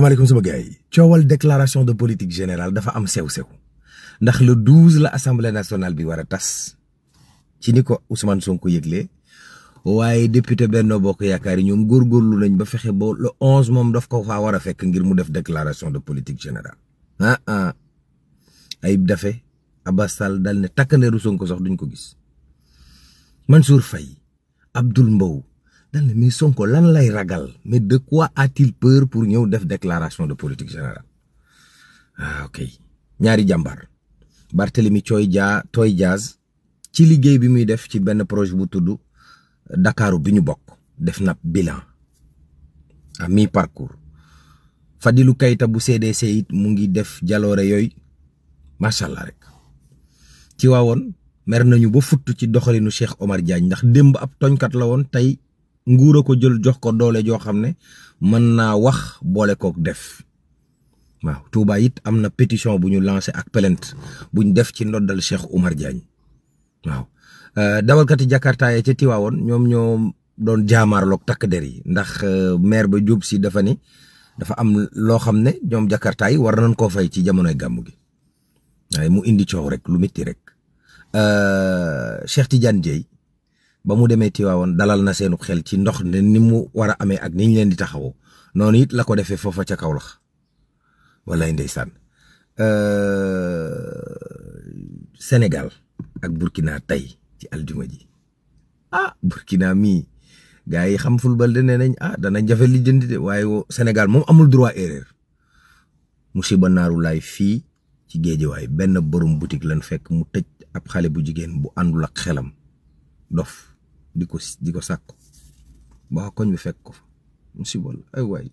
salaamaaleykum sama gars yi coowal déclaration de politique général dafa am sew-sew ndax le 12 la assemblée nationale bi war a tas ci ni ko Ousmane Sonko yëglee waaye député Benno Bokk Yaakaar yi ñoom góor góorgóorlu nañ ba fexe ba le 11 moom daf ko fa war a fekk ngir mu def déclaration de politique générale. ah ah Ayib Daffé Abass Sall dal ne takkandeeru Sonko sax duñ ko gis Mansour Faye Abdoul Mbow dañ mi mais Sonko lan lay ragal mais de quoi a pour ñëw def déclaration de politique générale ah ok ñaari jàmbar Barthélemy Toye Dia Toye Dias ci liggéey bi muy def ci benn projet bu tudd euh, dakaaru bi ñu bokk def na bilan à mi parcours Fadilou Keita bu CDC it mu ngi def jaloore yooyu macha allah rek ci waawoon mer nañu ba futt ci doxalinu Cheikh Omar Diagne ndax démb ab toñkat la woon tey nguur ko jël jox ko doole joo xam ne mën naa wax boole kook def waaw Touba it am na pétition bu ñu lancé ak plainte buñ def ci ndoddal Cheikh Oumar Diagne waaw euh, dawalkati Jakarta yi ca Tiwaawoon ñoom ñoo doon jaamaarloog takk der yi ndax euh, maire ba jub si dafa ni dafa am loo xam ne ñoom Jakarta yi war nañ koo fay ci jamonoy gàmm gi waaye mu indi coow rek lu metti rek euh, Cheikh Tidiane Dieye ba mu demee Tiwaawoon dalal na seenu xel ci ndox ne ni mu war amee ak ni ñu leen di taxawoo noonu it la ko defee foofa ca Kawlax walaay ndeysaan euh, Sénégal ak Burkina tey ci aljuma ji ah Burkina mii gaa yi xam football de nee nañ ah dana jafe li de waaye senegal moom amul droit erreur musiba naaru laay fii ci géejewaay benn borom boutique lan fekk mu tëj ab xale bu jigéen bu àndul ak xelam dof di ko di ko sàkku ba koñ bi fekk ko fa musiba la ay waay